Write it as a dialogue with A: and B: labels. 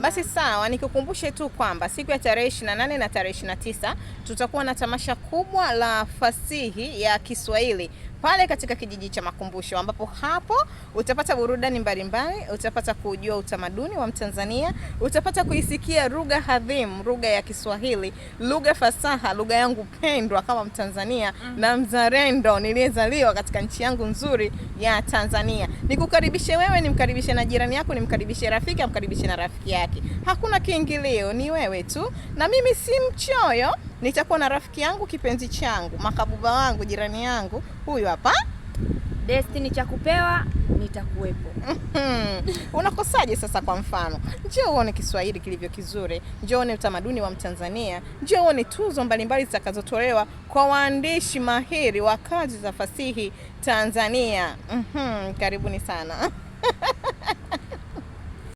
A: Basi sawa, nikukumbushe tu kwamba siku ya tarehe 28 na tarehe 29 tutakuwa na tamasha kubwa la fasihi ya Kiswahili pale katika kijiji cha Makumbusho, ambapo hapo utapata burudani mbalimbali, utapata kujua utamaduni wa Mtanzania, utapata kuisikia lugha hadhimu, lugha ya Kiswahili, lugha fasaha, lugha yangu pendwa kama Mtanzania mm. na mzalendo niliyezaliwa katika nchi yangu nzuri ya Tanzania. Nikukaribishe wewe, nimkaribishe na jirani yako, nimkaribishe rafiki, amkaribishe na rafiki yake. Hakuna kiingilio, ni wewe tu, na mimi si mchoyo nitakuwa na rafiki yangu kipenzi changu makabuba wangu jirani yangu huyu hapa
B: Destiny cha kupewa nitakuwepo.
A: Unakosaje sasa? Kwa mfano, njoo uone Kiswahili kilivyo kizuri, njoo uone utamaduni wa Mtanzania, njoo uone tuzo mbalimbali zitakazotolewa kwa waandishi mahiri wa kazi za fasihi Tanzania. Mhm, karibuni sana